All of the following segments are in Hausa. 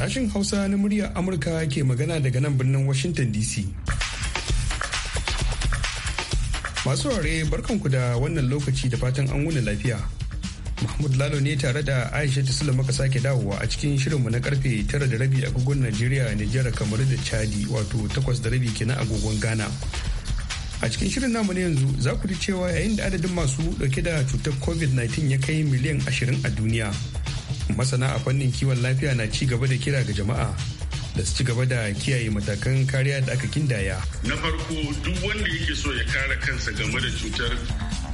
Sashin Hausa na muryar Amurka ke magana daga nan birnin Washington DC. Masu ware barkanku da wannan lokaci da fatan an wuni lafiya. Mahmud Lalo ne tare da Aisha Tisula muka sake dawowa a cikin shirinmu na karfe tara da rabi agogon Najeriya, Nijar, kamar da Chadi wato takwas da rabi kenan agogon Ghana. a cikin shirin namu na yanzu za ku ji cewa yayin da adadin masu dauke da cutar covid-19 ya kai miliyan ashirin a duniya masana a fannin kiwon lafiya na ci gaba da kira ga jama'a da su ci gaba da kiyaye matakan kariya da aka kindaya. Na farko duk wanda yake so ya kare kansa game da cutar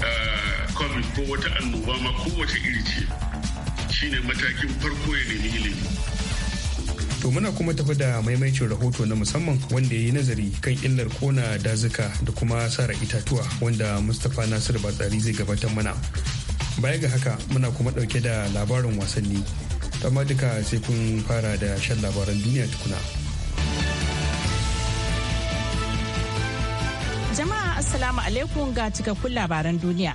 eh, covid ko wata annoba ma kowace iri ce shine matakin farko ya nemi ilimi. To muna kuma tafi da maimaicin rahoto na musamman wanda ya yi nazari kan illar kona dazuka da kuma sara itatuwa wanda Mustapha Nasiru Batsari zai gabatar mana. baya ga haka muna kuma ɗauke da labarin wasanni amma duka sai kun fara da shan labaran duniya tukuna jama'a assalamu alaikum ga cikakkun labaran duniya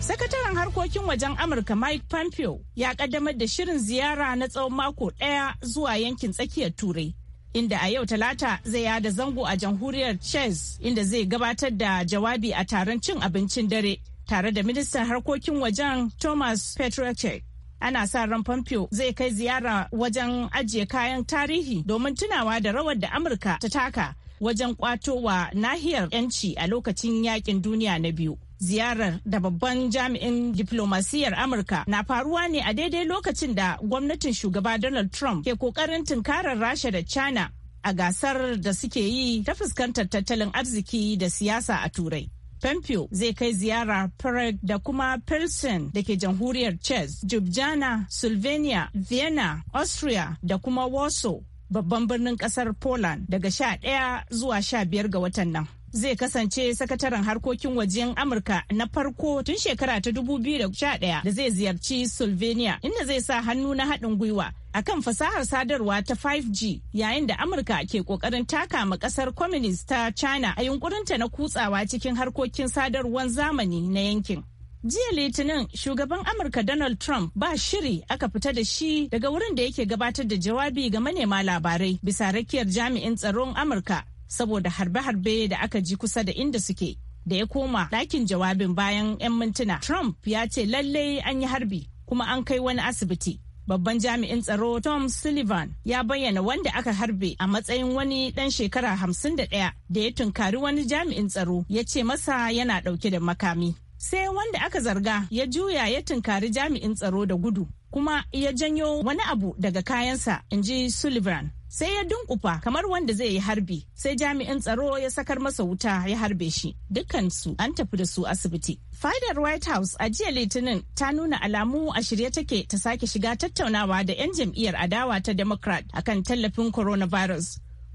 Sakataren harkokin wajen Amurka Mike Pompeo ya kaddamar da shirin ziyara na tsawon mako daya zuwa yankin tsakiyar Turai. Inda a yau talata zai yada zango a jamhuriyar Chess inda zai gabatar da jawabi a taron cin abincin dare tare da ministan harkokin wajen Thomas Petrochek. Ana sa ran Pompeo zai kai ziyara wajen ajiye kayan tarihi domin tunawa da rawar da Amurka ta taka wajen kwato wa nahiyar 'yanci a lokacin yakin duniya na biyu. ziyarar da babban jami'in diplomasiyyar amurka na faruwa ne a daidai lokacin da gwamnatin shugaba donald trump ke kokarin tunkarar rasha da china a gasar da suke yi ta fuskantar tattalin arziki da siyasa a turai Pompeo zai kai ziyara Prague da kuma Pilsen da ke jamhuriyar Czech, Ljubljana, Slovenia, Vienna, Austria da kuma Warsaw babban birnin kasar Poland daga 11 zuwa 15 ga watan nan. zai kasance sakataren harkokin wajen Amurka na farko tun shekara ta 2011 da zai ziyarci Slovenia inda zai sa hannu na haɗin gwiwa akan fasahar sadarwa ta 5G yayin da Amurka ke kokarin taka ma kasar communist ta China a yunkurinta na kutsawa cikin harkokin sadarwar zamani na yankin. Jiya Litinin shugaban Amurka Donald Trump ba shiri aka fita da shi daga wurin da yake gabatar da jawabi ga manema labarai bisa rakiyar jami'in tsaron Amurka saboda harbe-harbe da aka ji kusa da inda suke da ya koma ɗakin jawabin bayan 'yan mintuna. Trump ya ce lallai an yi harbi kuma an kai wani asibiti. Babban jami'in tsaro Tom Sullivan ya bayyana wanda aka harbe a matsayin wani ɗan shekara hamsin da ɗaya da ya tunkari wani jami'in tsaro ya ce masa yana ɗauke da makami. Sai wanda aka zarga ya juya ya tunkari jami'in tsaro da gudu kuma ya janyo wani abu daga kayansa, in ji Sullivan. sai ya dunkufa kamar wanda zai yi harbi sai jami'in tsaro ya sakar masa wuta ya harbe shi dukkansu an tafi da su asibiti fadar white house a jiya litinin ta nuna alamu a shirye take ta sake shiga tattaunawa da 'yan jam'iyyar adawa ta democrat akan tallafin coronavirus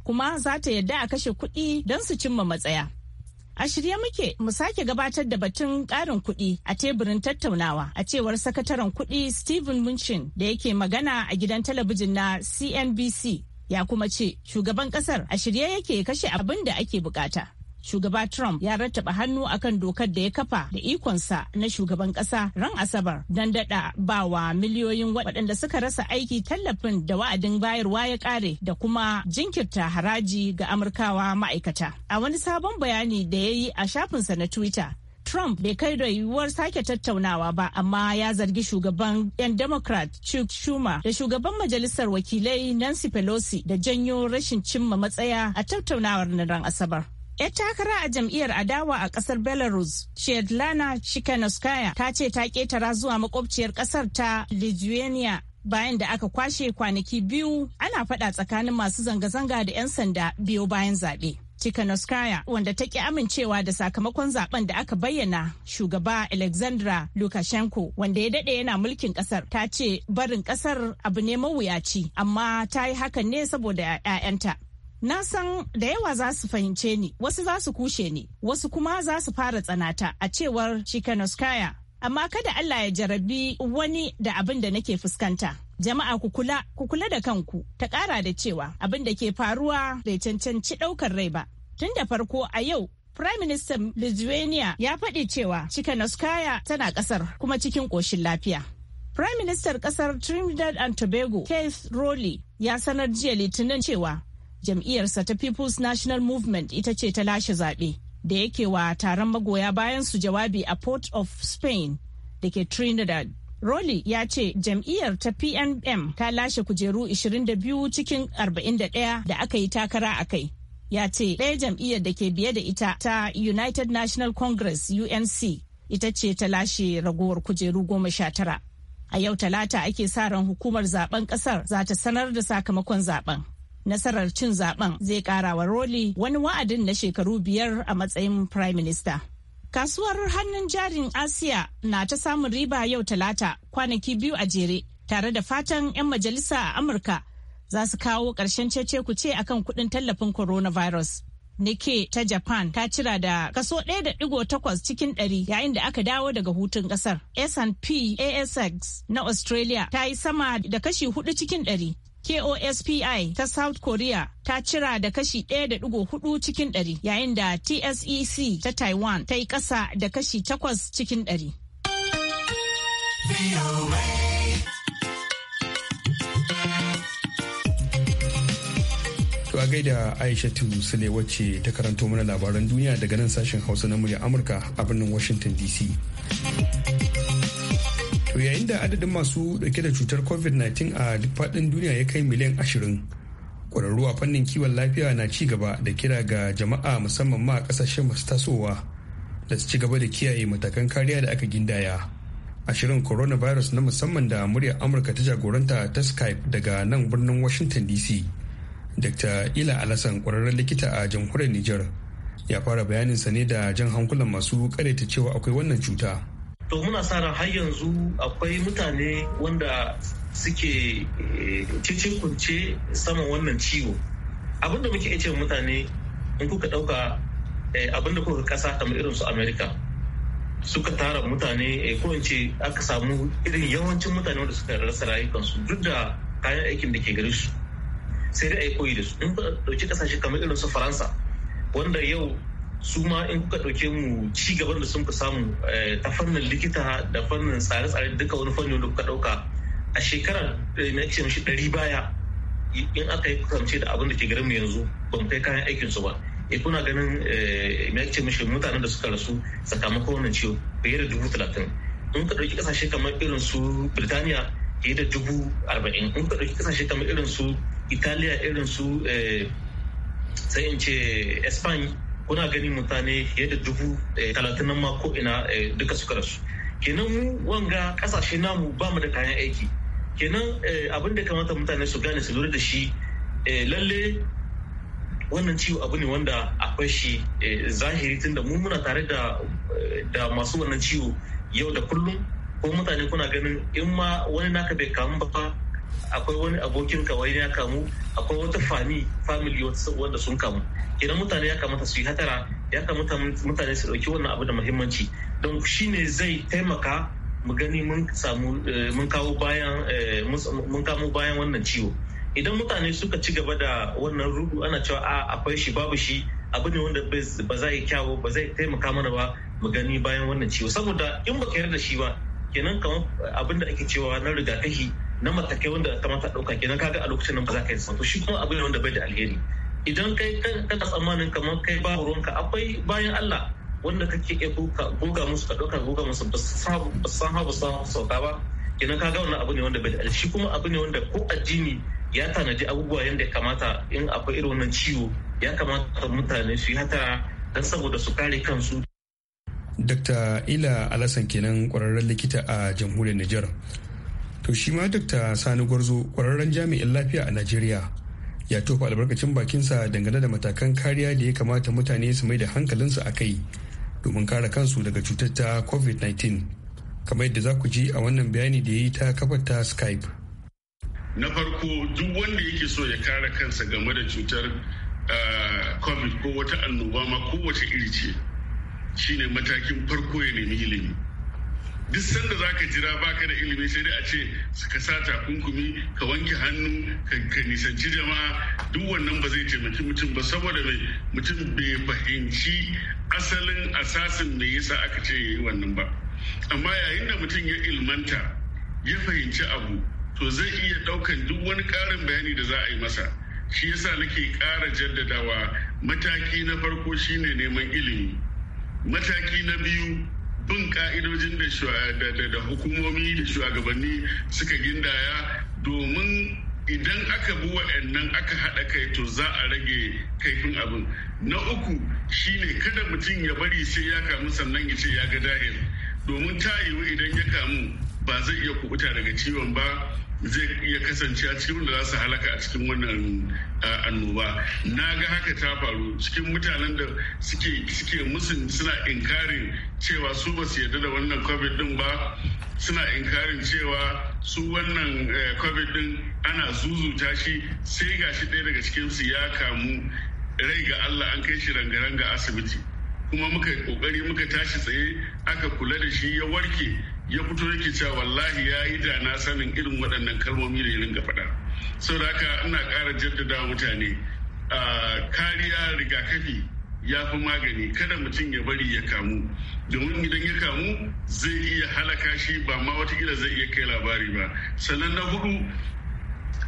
kuma za ta yadda a kashe kuɗi don su cimma matsaya A shirye muke mu sake gabatar da batun ƙarin kuɗi a teburin tattaunawa a cewar sakataren kuɗi Stephen Munchin da yake magana a gidan talabijin na CNBC ya kuma ce shugaban kasar a shirye yake kashe abin da ake bukata. Shugaba Trump ya rattaba hannu akan dokar da ya kafa da ikonsa na shugaban kasa ran Asabar don dada wa miliyoyin waɗanda suka rasa aiki tallafin da wa'adin bayarwa ya ƙare da kuma jinkirta haraji ga Amurkawa ma'aikata. A wani sabon bayani da ya yi a shafinsa na Twitter, Trump bai kai da yiwuwar sake tattaunawa ba amma ya zargi shugaban 'yan Democrat Chuck Schumer da shugaban majalisar wakilai Nancy Pelosi da janyo rashin cimma matsaya a tattaunawar na ran Asabar. 'Yar takara a jam'iyyar adawa a kasar Belarus, Shedlana Shikanoskaya ta ce ta ketara zuwa makwabciyar kasar ta Lithuania bayan da aka kwashe kwanaki biyu ana faɗa tsakanin masu zanga-zanga da 'yan sanda biyo bayan zaɓe. Tikhanovskaya wanda ta ki amincewa da sakamakon zaben da aka bayyana shugaba Alexandra Lukashenko wanda ya dade yana mulkin kasar ta ce barin kasar abu ne mawuyaci amma ta yi hakan ne saboda 'ya'yanta. Na san da yawa za su fahimce ni, wasu za su kushe ni, wasu kuma za su fara tsanata a cewar Chikanoskaya amma kada Allah ya jarabi wani da abin da nake fuskanta. Jama'a ku kula, ku kula da kanku, ta ƙara da cewa abin da ke faruwa bai cancanci ɗaukar rai ba. Tun da farko a yau Prime Minister Lithuania ya faɗi cewa Chikanoskaya tana ƙasar kuma cikin ƙoshin lafiya. Prime Minister ƙasar Trinidad and Tobago Keith Rowley ya sanar jiya Litinin cewa jam'iyyarsa ta People's National Movement ita ce ta lashe zaɓe. da yake wa taron magoya bayan su jawabi a Port of Spain da ke Trinidad. Rowley ya ce jam'iyyar ta PNM ta lashe kujeru 22 cikin 41 da aka yi takara a kai. Ya ce ɗaya jam'iyyar da ke biye da ita ta United National Congress UNC ita ce ta lashe ragowar kujeru goma sha tara. A yau talata ake sa ran hukumar zaben kasar za ta sanar da sakamakon zaben. nasarar cin zaben zai kara wa roli wani wa'adin na shekaru biyar a matsayin prime minister kasuwar hannun jarin asiya na ta samun riba yau talata kwanaki biyu a jere tare da fatan 'yan majalisa a amurka za su kawo ƙarshen cece kuce kan kuɗin tallafin coronavirus Nike ta Japan ta cira da kaso 1.8 cikin 100 yayin da aka dawo daga hutun kasar. S&P ASX na Australia ta yi sama da kashi 4 cikin ɗari. KOSPI ta South Korea ta cira da kashi 1.4 cikin 100 yayin da TSEC ta Taiwan ta yi ƙasa da kashi 8 cikin 100. a gaida Aishatu Sule wacce ta karanto mana labaran duniya daga nan sashen Hausa na murya Amurka a birnin Washington DC. To yayin da adadin masu dauke da cutar COVID-19 a duk faɗin duniya ya kai miliyan ashirin. Ƙwararru a fannin kiwon lafiya na ci gaba da kira ga jama'a musamman ma a ƙasashen masu tasowa da su ci gaba da kiyaye matakan kariya da aka gindaya. Ashirin coronavirus na musamman da muryar Amurka ta jagoranta ta Skype daga nan birnin Washington DC. Dr. Ila Alasan ƙwararren likita a jamhuriyar Nijar ya fara bayanin sa ne da jan hankulan masu ta cewa akwai wannan cuta. to muna sa ran har yanzu akwai mutane wanda suke eh, cece kunce saman wannan ciwo abinda muke ce mutane in kuka dauka eh, abinda kuka kasa kamar irin su america suka tara mutane eh, ko in ce aka samu irin yawancin mutane wanda suka rasa rayukansu duk da kayan aikin da ke gare su sai dai a yi koyi da su in ka dauki kasashe kamar irin su faransa wanda yau su ma in kuka ɗauke mu ci gaban da sun ka samu eh, ta fannin likita da fannin tsare-tsare duka wani fannin da kuka ɗauka a shekarar eh, na ce mashi ɗari baya in aka yi kusance da abin da ke garin mu yanzu ba mu kai kayan aikin su ba e kuna ganin na ce mashi mutanen da suka rasu sakamakon wannan ciwo fiye da dubu talatin in ka ɗauki ƙasashe kamar irin su Birtaniya fiye da dubu arba'in in ka ɗauki ƙasashe kamar irin su Italiya irin su sai in ce Espanya kuna gani mutane fiye da dubu eh, talatin nan ma ko ina eh, duka suka rasu kenan mu wanga kasashe namu ba mu da kayan aiki kenan eh, abin da kamata mutane su gane su lura da shi lalle wannan ciwo abu ne wanda akwai shi zahiri tunda mu muna tare da da masu wannan ciwo yau da kullum ko mutane kuna ganin in ma wani naka bai kamu ba akwai wani abokin ka wani ya kamu akwai wata fami family wanda sun kamu idan mutane ya kamata su yi hatara ya kamata mutane su dauki wannan abu da muhimmanci don shine zai taimaka mu gani mun eh, kawo bayan eh, mun kamo bayan wannan ciwo idan mutane suka ci gaba da wannan rudu ana cewa a ah, akwai shi babu shi abu ne wanda ba zai kyawo ba zai taimaka mana ba mu gani bayan wannan ciwo saboda in baka yarda da shi ba kenan kamar abin da ake cewa na rigakafi na matakai wanda kamata ɗauka kenan kaga a lokacin nan ba za ka yi to shi kuma abu ne wanda bai da alheri idan kai kana tsammanin kamar kai ba ruwanka akwai bayan Allah wanda kake iya goga musu ka ɗauka goga musu ba ba su sauka ba kenan kaga wannan abu ne wanda bai da alheri shi kuma abu ne wanda ko addini ya tanadi abubuwa yadda kamata in akwai irin wannan ciwo ya kamata mutane su yi hata don saboda su kare kansu Dr. Ila Alasan kenan kwararren likita a jamhuriyar Nijar. To shi ma Dr. Sani Gwarzo kwararren jami'in lafiya a Najeriya ya tofa albarkacin bakinsa dangane da matakan kariya da ya kamata mutane su mai da hankalinsu a kai domin kare kansu daga cutar ta COVID-19. Kamar yadda za ku ji a wannan bayani da ya yi ta kafar ta Skype. Na farko duk wanda yake so ya kare kansa game da cutar ah, COVID ko wata annoba ma kowace iri ce shine matakin farko ya nemi ilimi. duk sanda za ka jira baka da ilimi sai dai a ce ka sa takunkumi ka wanke hannu ka nisanci jama'a duk wannan ba zai taimaki mutum ba saboda mai mutum bai fahimci asalin asasin me yasa aka ce yayi wannan ba amma yayin da mutum ya ilmanta ya fahimci abu to zai iya daukan duk wani karin bayani da za a yi masa shi yasa nake ƙara jaddadawa mataki na farko shine neman ilimi mataki na biyu bin ka'idojin da hukumomi da shugabanni suka gindaya domin idan aka bi waɗannan aka haɗa kai to za a rage kaifin abin na uku shine kada mutum ya bari sai ya kamu sannan ya ce ya ga dahil domin ta yiwu idan ya kamu ba zai iya kubuta daga ciwon ba zai iya kasance a cikin da za su halaka a cikin wannan annoba na ga haka ta faru cikin mutanen da suke suke musun suna inkarin cewa su ba su yarda da wannan covid din ba suna inkarin cewa su wannan eh, covid din ana zuzuta shi sai gashi ɗaya daga cikin su ya kamu rai ga allah an kai shi rangaranga asibiti kuma muka kokari muka tashi tsaye aka kula da shi ya warke ya fito yake cewa wallahi ya yi da na sanin irin waɗannan kalmomi da ya ringa faɗa da haka ina ƙara jaddada mutane kariya rigakafi ya fi magani kada mutum ya bari ya kamu domin idan ya kamu zai iya halaka shi ba ma wata zai iya kai labari ba sannan na hudu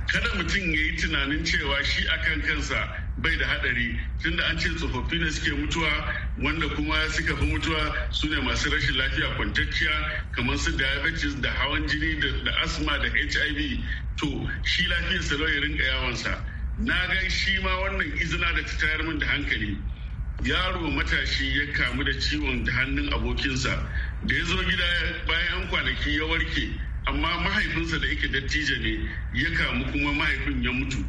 kada mutum ya yi tunanin cewa shi akan kansa bai da hadari tunda an ce tsofaffi ne suke mutuwa wanda kuma suka fi mutuwa su ne masu rashin lafiya kwantacciya kamar su diabetes da hawan jini da asma da hiv to shi lafiyarsa salo ya rinka yawansa na ga shi ma wannan izina da ta tayar min da hankali yaro matashi ya kamu da ciwon da hannun abokinsa da ya zo gida bayan kwanaki ya warke amma mahaifinsa da yake dattijo ne ya kamu kuma mahaifin ya mutu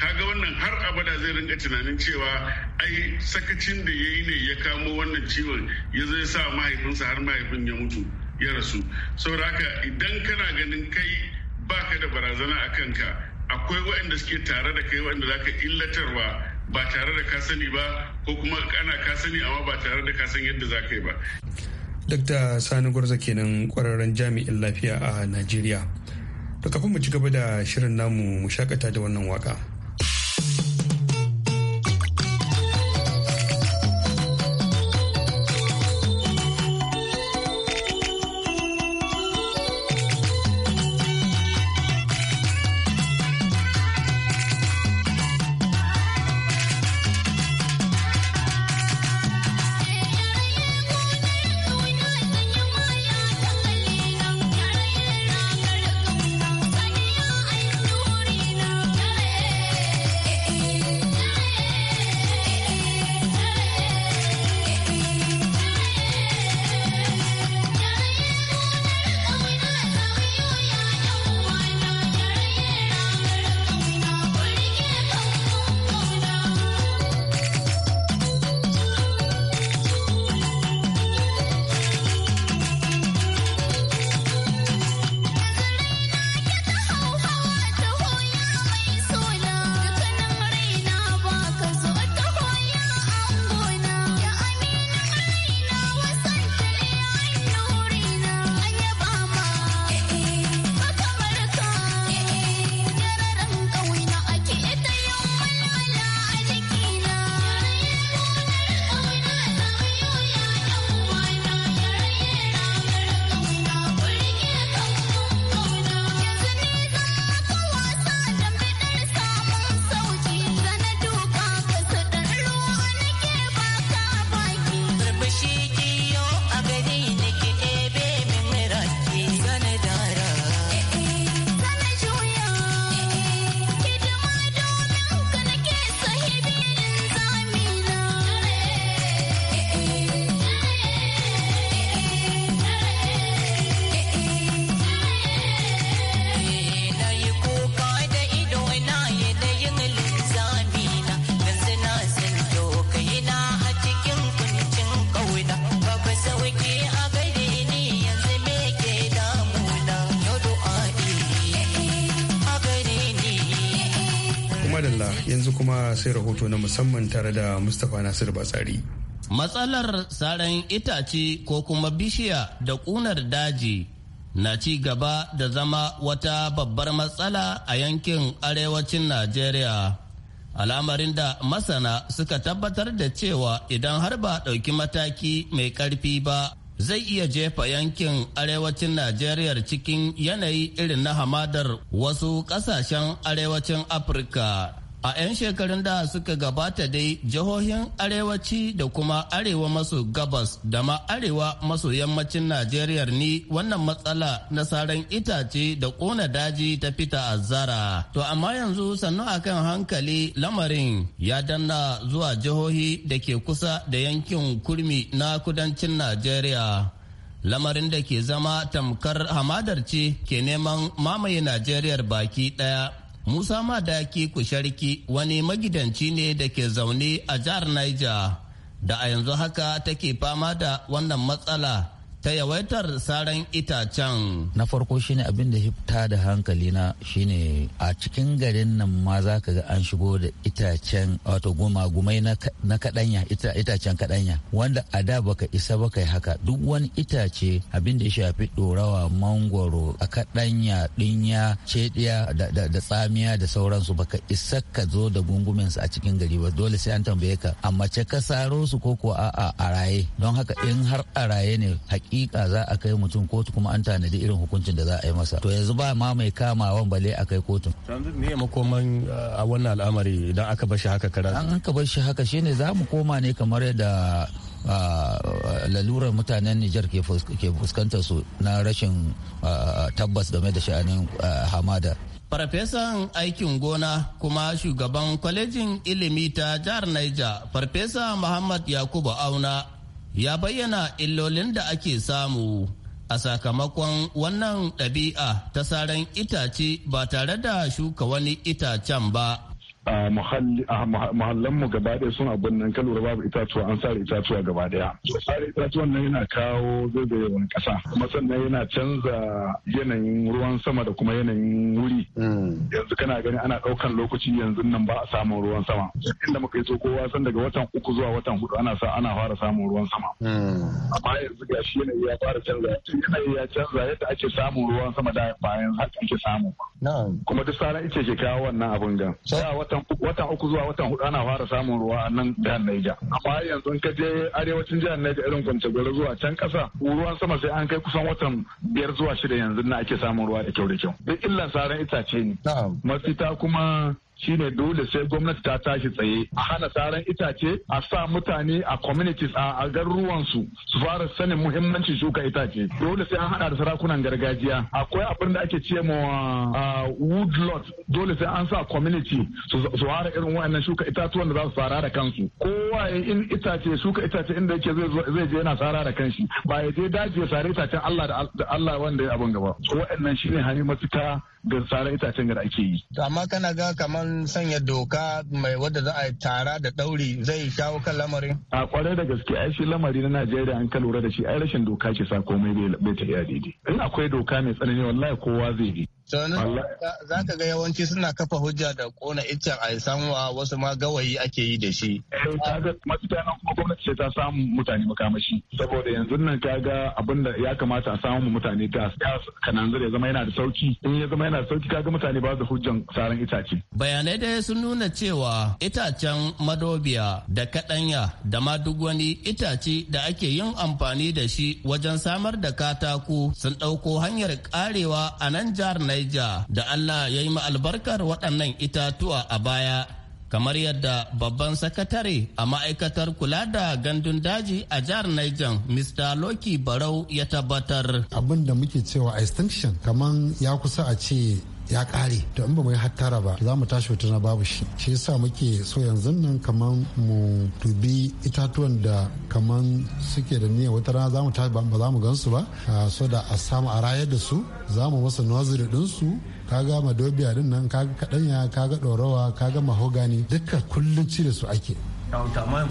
kaga wannan har abada zai rinka tunanin cewa ai sakacin da ya yi ne ya kamo wannan ciwon ya zai sa mahaifinsa har mahaifin ya mutu ya rasu saboda haka idan kana ganin kai baka da barazana a kanka akwai waɗanda suke tare da kai waɗanda za ka illatarwa ba tare da ka sani ba ko kuma ana ka sani amma ba tare da ka san yadda za ka yi ba Dr. Sani Gwarza kenan kwararren jami'in lafiya a Najeriya. Da kafin mu ci gaba da shirin namu mu shakata da wannan waka. sai rahoto na musamman tare da Mustapha Nasiru Batsari. Matsalar tsarin itace ko kuma bishiya da ƙunar daji na ci gaba da zama wata babbar matsala a yankin arewacin Najeriya. Al'amarin da masana suka tabbatar da cewa idan har ba ɗauki mataki mai ƙarfi ba zai iya jefa yankin arewacin Najeriya cikin yanayi irin na hamadar wasu ƙasashen arewacin Afirka. A 'yan shekarun da suka gabata dai jihohin arewaci da kuma arewa maso gabas da ma arewa maso yammacin Najeriya ni wannan matsala na saran itace da ƙona daji ta fita zara. To amma yanzu sannu a kan hankali lamarin ya danna zuwa jihohi da ke kusa da yankin kurmi na kudancin Najeriya. lamarin da ke zama tamkar hamadar ce ke neman mamaye Najeriya baki ɗaya. Musa Madaki Kusharki wani magidanci ne da ke zaune a jihar Niger da a yanzu haka take fama da wannan matsala ta yawaitar saran itacen. Na farko shine abin da hifta da hankali na shine a cikin garin nan ma za ka ga an shigo da itacen wato gumai na kadanya itacen kadanya wanda a da baka isa ba yi haka duk wani itace abin da ya shafi dorawa mangoro a kadanya dinya cediya da tsamiya da sauransu baka isa ka zo da gungumen su a cikin gari ba dole sai an tambaye ka amma ce ka saro su ko ko a'a a raye don haka in har a raye ne haƙi hakika za a kai mutum kotu kuma an tanadi irin hukuncin da za a yi masa to yanzu ba ma mai kamawan bale a kai kotun me makoman a wannan al'amari idan aka bar shi haka kara an aka bar shi haka shine za mu koma ne kamar yadda lalurar mutanen Nijar ke fuskantar su na rashin tabbas game da sha'anin hamada Farfesan aikin gona kuma shugaban kwalejin ilimi ta jihar Niger, Farfesa Muhammad Yakubu Auna ya bayyana illolin da ake samu a sakamakon wannan ɗabi'a ta saran itace ba tare da shuka wani itacen ba muhallanmu gaba ɗaya suna birnin ka lura babu itatuwa an sare itatuwa gaba ɗaya. Sare itatuwan nan yana kawo wani ƙasa kuma sannan yana canza yanayin ruwan sama da kuma yanayin wuri. Mm. Yanzu kana gani ana ɗaukan lokaci yanzu nan ba a samun ruwan sama. Inda muka yi so kowa san daga watan uku zuwa watan hudu ana sa ana fara samun ruwan sama. Mm. Amma yanzu ga shi yanayi ya fara canza yanayi ya canza yadda ake samun ruwan sama da bayan haka ake samu. Kuma duk sara ita ke kawo wannan abin gan. watan watan uku zuwa watan hudu ana fara samun ruwa a nan jihar naija. amma yanzu in ka je arewacin jihar naija irin kwance gore zuwa can kasa ruwan sama sai an kai kusan watan biyar zuwa shida yanzu na ake samun ruwa da kyau da kyau duk illan saran itace ne mafita kuma shine dole sai gwamnati ta tashi tsaye a hana saran itace a sa mutane a communities a garuruwan su su fara sanin muhimmancin shuka itace dole sai an hada da sarakunan gargajiya akwai abin da ake ce ma woodlot dole sai an sa community su fara irin wayannan shuka itatuwan da za su fara da kansu kowa in itace shuka itace inda yake zai je yana fara da kanshi ba ya je daji ya sare itacen Allah da Allah wanda ya abin gaba wa'annan shine hanyar mafita ga sare itacen da ake yi amma kana ga kamar an sanya doka mai wadda za a yi tara da ɗauri zai shawo kan lamarin? A kwarai da gaske ai shi lamari na Najeriya an ka lura da shi ai rashin doka ce sa komai bai tafiya daidai. In akwai doka mai tsanani wallahi kowa zai bi. za ka ga yawanci suna kafa hujja da kona iccen a samuwa wasu ma gawayi ake yi da shi. Eh, masu nan kuma gwamnati ce ta samu mutane makamashi saboda yanzu nan ka ga abin da ya kamata a samu mutane ta kanan kananzir ya zama yana da sauki in ya zama yana da sauki ka ga mutane ba su hujjan saran itace. bayanai dai sun nuna cewa itacen madobiya da kaɗanya da ma duk wani itace da ake yin amfani da shi wajen samar da katako sun ɗauko hanyar karewa a nan jihar na Niger da Allah ya yi albarkar waɗannan itatuwa a baya kamar yadda babban sakatare a ma'aikatar kula da gandun daji a jihar Niger Mr. Loki Barau ya tabbatar. Abin da muke cewa extinction kamar ya kusa a ce ya kare to in ba mu yi hattara ba za mu tashi wata na babu shi shi yasa muke so yanzu nan kaman mu dubi itatuwan da kaman suke da niyyar wata rana za mu tashi ba za mu gansu ba ah, so da a samu a rayar da su za mu masa nursery din su kaga madobiya din nan kaga kadanya kaga ka kaga mahogani duka kullun cire su ake amma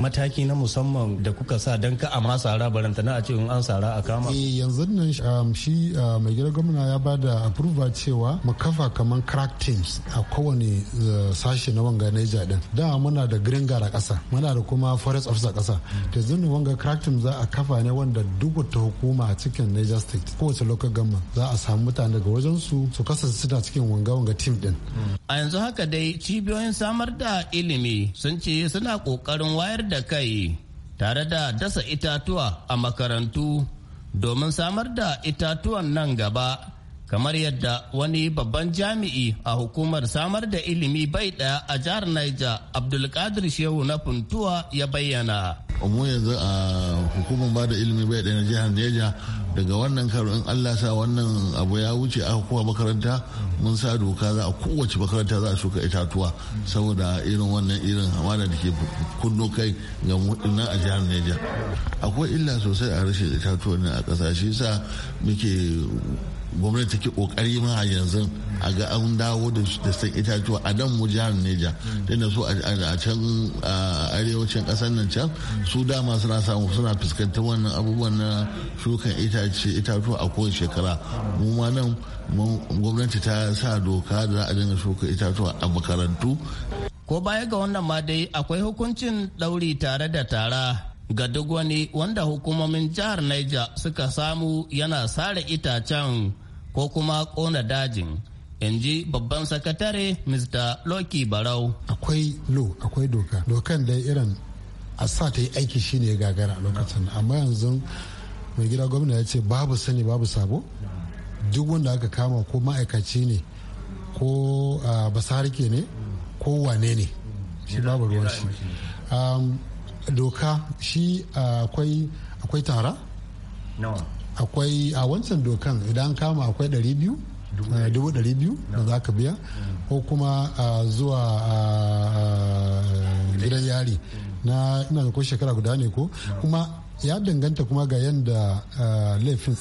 mataki na musamman da kuka sa don ka a ma sara barantana a ce an sara a kama eh, yanzu nan um, shi uh, mai gidan gwamna ya ba da approval cewa mu kafa kamar crack teams a kowane uh, sashe na wanga naija din da muna da green guard a ƙasa muna da kuma forest officer kasa da yanzu wanga crack team za a kafa ne wanda duk wata hukuma a cikin Niger state kowace local government za a samu mutane daga wajen su su kasance suna cikin wanga wanga team din A yanzu haka dai cibiyoyin samar da ilimi sun ce suna ƙoƙarin wayar da kai tare da dasa itatuwa a makarantu domin samar da itatuwan nan gaba kamar yadda wani babban jami'i a hukumar samar da ilimi bai ɗaya a jihar Niger Abdulkadir Shehu na Funtuwa ya bayyana. mu yanzu a hukumar ba da ilimi bai ɗaya na jihar Niger daga wannan karo in allah sa wannan abu ya wuce aka kowa makaranta mun sa doka za a kowace makaranta za a shuka itatuwa saboda irin wannan irin hamada da ke kunno kai ga nan a jihar neja akwai illa sosai a rashin itatuwa a ƙasashe sa muke gwamnati ke kokari ma a yanzu a ga an dawo da san itatuwa a nan mu jihar neja tunda su a can arewacin kasar nan can su dama suna samu suna fuskantar wannan abubuwan na shukan itace itatuwa a kowace shekara mu ma nan gwamnati ta sa doka da za a dinga shuka itatuwa a makarantu ko baya ga wannan ma dai akwai hukuncin dauri tare da tara ga duk wani wanda hukumomin jihar Niger suka samu yana sare itacen ko kuma kona dajin. in ji babban sakatare mr loki barau akwai lo akwai doka dokan da irin a sa ta yi aiki shi ya gagara a lokacin amma yanzu mai gida gwamna ya ce babu sani babu sabo duk wanda aka kama ko ma'aikaci ne ko ah, basarike ne ko wane ne shi babu ruwan shi doka shi ah, akwai akwai tara akwai a wancan dokan idan kama akwai 200 eh, da za ka biya ko kuma ah, zuwa ah, gidan yari na ina da ko shekara guda ne ko kuma ya danganta kuma ga yadda laifin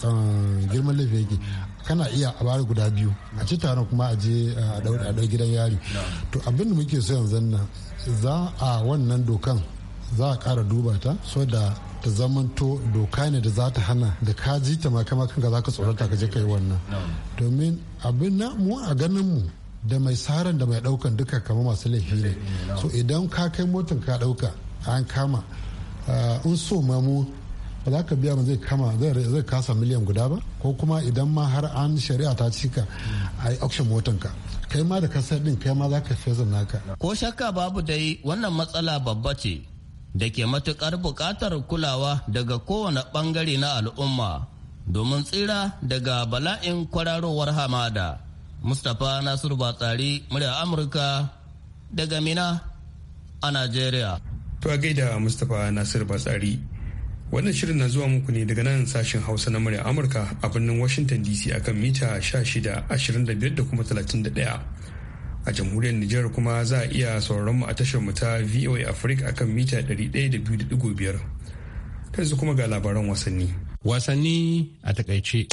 girman laifin yake kana iya a bari guda biyu a ci taron kuma a je a dau gidan yari to abinda muke so yanzu nan za a wannan dokan za a ƙara duba ta so da ta zamanto doka ne da za ta hana da ka ji ta makama kanka za ka tsorata ka je ka yi wannan domin abin na mu a ganin mu da mai saran da mai daukan duka kama masu laifi ne so idan ka kai motan ka dauka an kama eh, in so ma mu ba za ka biya mu zai kama zai kasa miliyan guda ba ko kuma idan ma har an shari'a ta cika a yi auction motan ka kai ma da kasar din kai ma za ka fesa naka ko shakka babu dai wannan matsala babba ce da ke matuƙar buƙatar kulawa daga kowane ɓangare na al'umma domin tsira daga bala'in kwararowar hamada. Mustapha Nasiru Batsari, murya Amurka daga Mina a Najeriya. To a gaida Mustapha Nasiru Batsari. Wannan shirin na zuwa muku ne daga nan sashen Hausa na murya Amurka a birnin Washington DC akan mita 16, 25 da kuma 31. a jamhuriyar Nijar kuma za a iya sauraron mu a tashar mu ta VOA Africa akan mita 102.5 yanzu kuma ga labaran wasanni wasanni a takaice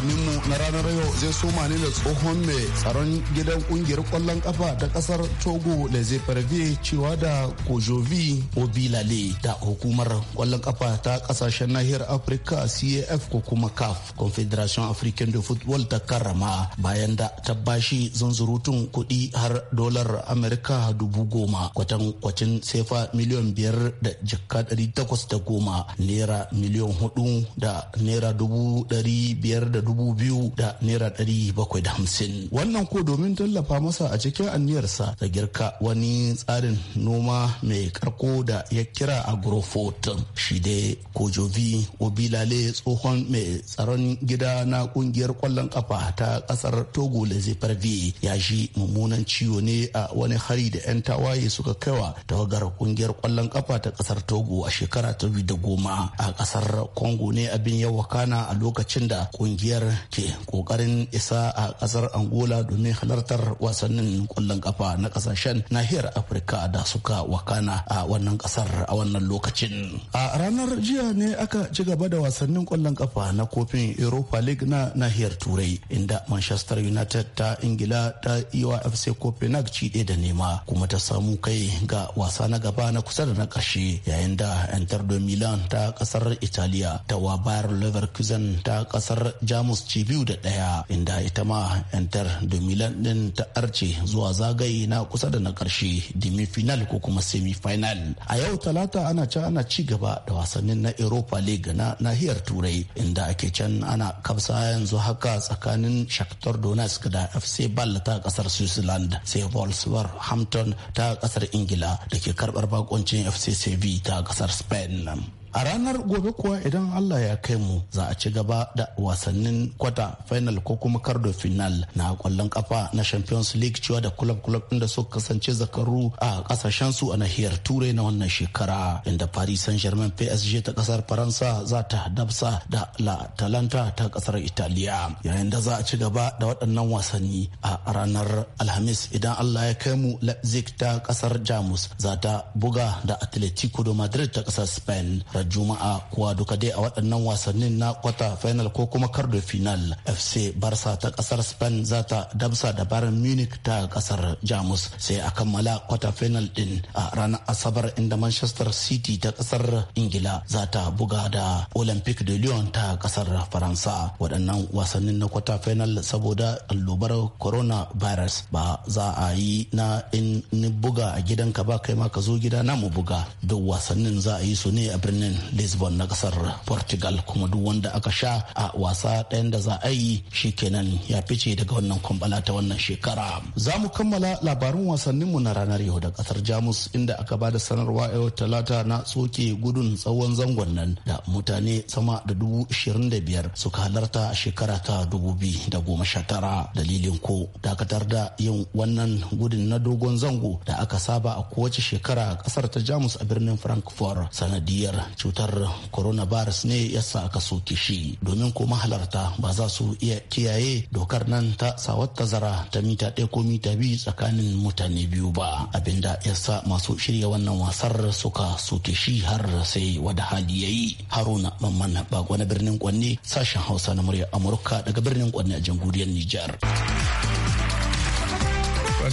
wasanninmu na ranar yau zai soma ne da tsohon mai tsaron gidan kungiyar kwallon kafa ta kasar togo da zai cewa da kojovi obilale da hukumar kwallon kafa ta kasashen nahiyar afirka caf ko kuma caf confederation african de football ta karama bayan da ta bashi zanzurutun kuɗi har dolar amerika dubu goma kwatan kwacin sefa miliyan biyar da jikka dari takwas da goma naira miliyan hudu da naira dubu dari biyar da dubu biyu da naira ɗari bakwai da hamsin wannan ko domin tallafa masa a cikin anniyarsa da girka wani tsarin noma mai karko da ya kira agrofot shi dai kojovi obilale tsohon mai tsaron gida na kungiyar kwallon kafa ta kasar togo lezeparvi ya ji mummunan ciwo ne a wani hari da 'yan tawaye suka kaiwa tawagar kungiyar kwallon kafa ta kasar togo a shekara ta da goma a kasar kongo ne abin ya wakana a lokacin da kungiyar kungiyar ke kokarin isa a kasar angola domin halartar wasannin kwallon kafa na kasashen nahiyar afirka da suka wakana a wannan kasar a wannan lokacin a ranar jiya ne aka ci gaba da wasannin kwallon kafa na kofin europa league na nahiyar turai inda manchester united ta ingila ta yi fc copenhagen ci da nema kuma ta samu kai ga wasa na gaba na kusa da na ƙarshe yayin da inter milan ta kasar italiya ta wa bayar leverkusen ta kasar ja jamus ce biyu da ɗaya inda ita ma 'yantar da milan ɗin ta arce zuwa zagaye na kusa da na ƙarshe demi final ko kuma semi final a yau talata ana can ana ci gaba da wasannin na europa league na nahiyar turai inda ake can ana kafsa yanzu haka tsakanin shakhtar donetsk da fc ball ta kasar switzerland sai wolfsburg hampton ta kasar ingila da ke karbar bakoncin fc Sevilla ta kasar spain A ranar gobe kuwa idan Allah ya kai mu za a ci gaba da wasannin kwata final ko kuma kardo final na kwallon kafa na Champions League cewa da club club inda suka kasance zakaru a kasashen su a nahiyar Turai na wannan shekara inda Paris Saint-Germain PSG ta kasar Faransa za ta dabsa da La Talanta ta kasar Italiya yayin da za a ci gaba da waɗannan wasanni a ranar Alhamis idan Allah ya kai mu Leipzig ta kasar Jamus za ta buga da Atletico de Madrid ta kasar Spain ranar juma'a kuwa duka dai a waɗannan wasannin na kwata final ko kuma kardo final fc barsa ta ƙasar spain za ta dabsa da barin munich ta ƙasar jamus sai a kammala kwata final din a ranar asabar inda manchester city ta ƙasar ingila za ta buga da olympic de lyon ta ƙasar faransa waɗannan wasannin na kwata final saboda allobar coronavirus ba za a yi na in buga a gidanka ba kai ma ka zo gida na mu buga duk wasannin za a yi su ne a birnin birnin lisbon na kasar portugal kuma duk wanda aka sha a wasa ɗayan da za a yi kenan ya fice daga wannan kwambala ta wannan shekara za mu kammala labarin wasanninmu na ranar yau da kasar jamus inda aka ba da sanarwa yau talata na tsoke gudun tsawon zangon nan da mutane sama da dubu ishirin da biyar suka halarta a shekara ta dubu biyu da goma sha tara dalilin ko dakatar da yin wannan gudun na dogon zango da aka saba a kowace shekara ƙasar kasar ta jamus a birnin frankfurt sanadiyar cutar coronavirus ne yasa aka soke shi domin kuma halarta ba za su iya kiyaye dokar nan ta sawar tazara ta mita ɗaya ko mita biyu tsakanin mutane biyu ba abinda yasa masu shirya wannan wasar suka soke shi har sai wada hali ya yi haruna mamman bako na birnin kwanne sashen hausa na murya amurka daga birnin kwanne a jamhuriyar nijar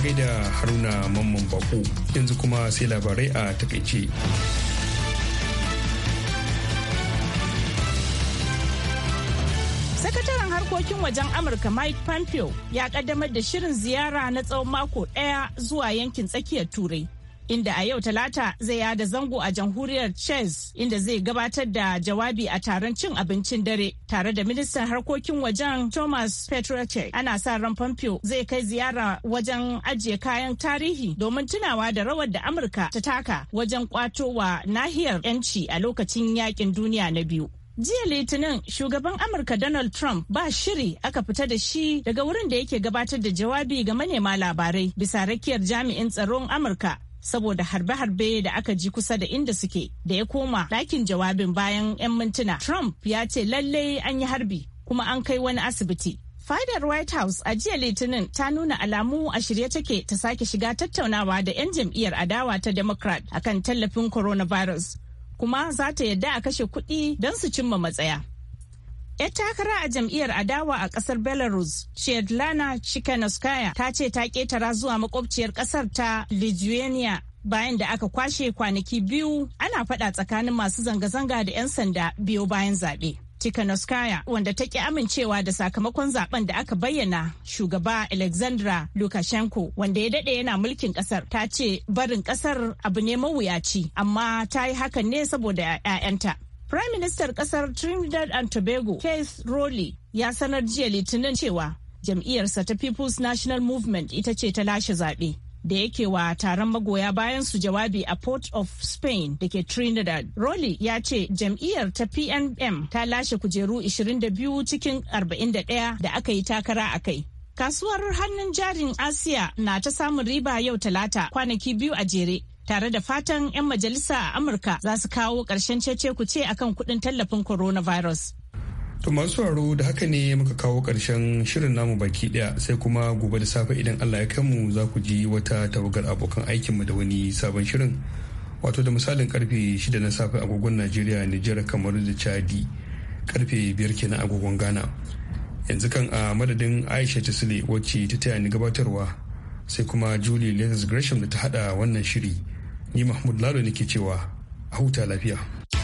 gaida haruna mamman bako yanzu kuma sai labarai a takaice Sakataren harkokin wajen Amurka Mike Pompeo ya kaddamar da shirin ziyara na tsawon mako ɗaya zuwa yankin tsakiyar Turai. Inda a yau talata zai yada zango a jamhuriyar Chess inda zai gabatar da jawabi a taron cin abincin dare tare da ministan harkokin wajen Thomas Petrocek. Ana sa ran Pompeo zai kai ziyara wajen ajiye kayan tarihi domin tunawa da rawar da Amurka ta taka wajen kwato wa nahiyar 'yanci a lokacin yakin duniya na biyu. Jiya Litinin shugaban Amurka Donald Trump ba shiri aka fita da shi daga wurin da yake gabatar da jawabi ga manema labarai bisa rakiyar jami'in tsaron Amurka saboda harbe-harbe da aka ji kusa da inda suke da ya koma ɗakin jawabin bayan 'yan mintuna. Trump ya ce lallai an yi harbi kuma an kai wani asibiti. Fadar White House a jiya Litinin ta nuna alamu a shirye take ta sake shiga tattaunawa da 'yan jam'iyyar adawa ta Democrat akan tallafin coronavirus. kuma za ta yadda a kashe kuɗi don su cimma matsaya. 'Yar takara a jam'iyyar adawa a ƙasar Belarus, Shedlana Chikanoskaya ta ce ta ƙetara zuwa makwabciyar ƙasar ta Lithuania bayan da aka kwashe kwanaki biyu ana fada tsakanin masu zanga-zanga da 'yan sanda biyo bayan zaɓe. Tikhanovskaya wanda ta ki amincewa da sakamakon zaben da aka bayyana shugaba Alexandra Lukashenko wanda ya dade yana mulkin kasar ta ce barin kasar abu ne mawuyaci amma ta yi hakan ne saboda 'ya'yanta. Prime Minister kasar Trinidad and Tobago Keith Rowley ya sanar jiya litinin cewa jam'iyyarsa ta People's National Movement ita ce ta lashe zaɓe. da yake wa taron magoya bayan su jawabi a Port of Spain da ke Trinidad. Rowley ya ce jam'iyyar ta PNM ta lashe kujeru 22 cikin 41 da aka yi takara a kai. Kasuwar hannun jarin Asiya na ta samun riba yau talata kwanaki biyu a jere. tare da fatan 'yan majalisa a Amurka za su kawo ƙarshen cece kuce akan kuɗin tallafin coronavirus. To masu sauraro da haka ne muka kawo ƙarshen shirin namu baki ɗaya sai kuma gobe da safe idan Allah ya kanmu za ku ji wata tawagar abokan aikin mu da wani sabon shirin. Wato da misalin karfe 6 na safe agogon Najeriya, Nijar, kamar da Chadi, karfe 5 kenan agogon Ghana. Yanzu kan a madadin Aisha Tisle wacce ta taya ni gabatarwa sai kuma Julie Lenz Gresham da ta hada wannan shiri. Ni Mahmud Lalo nake cewa a huta lafiya.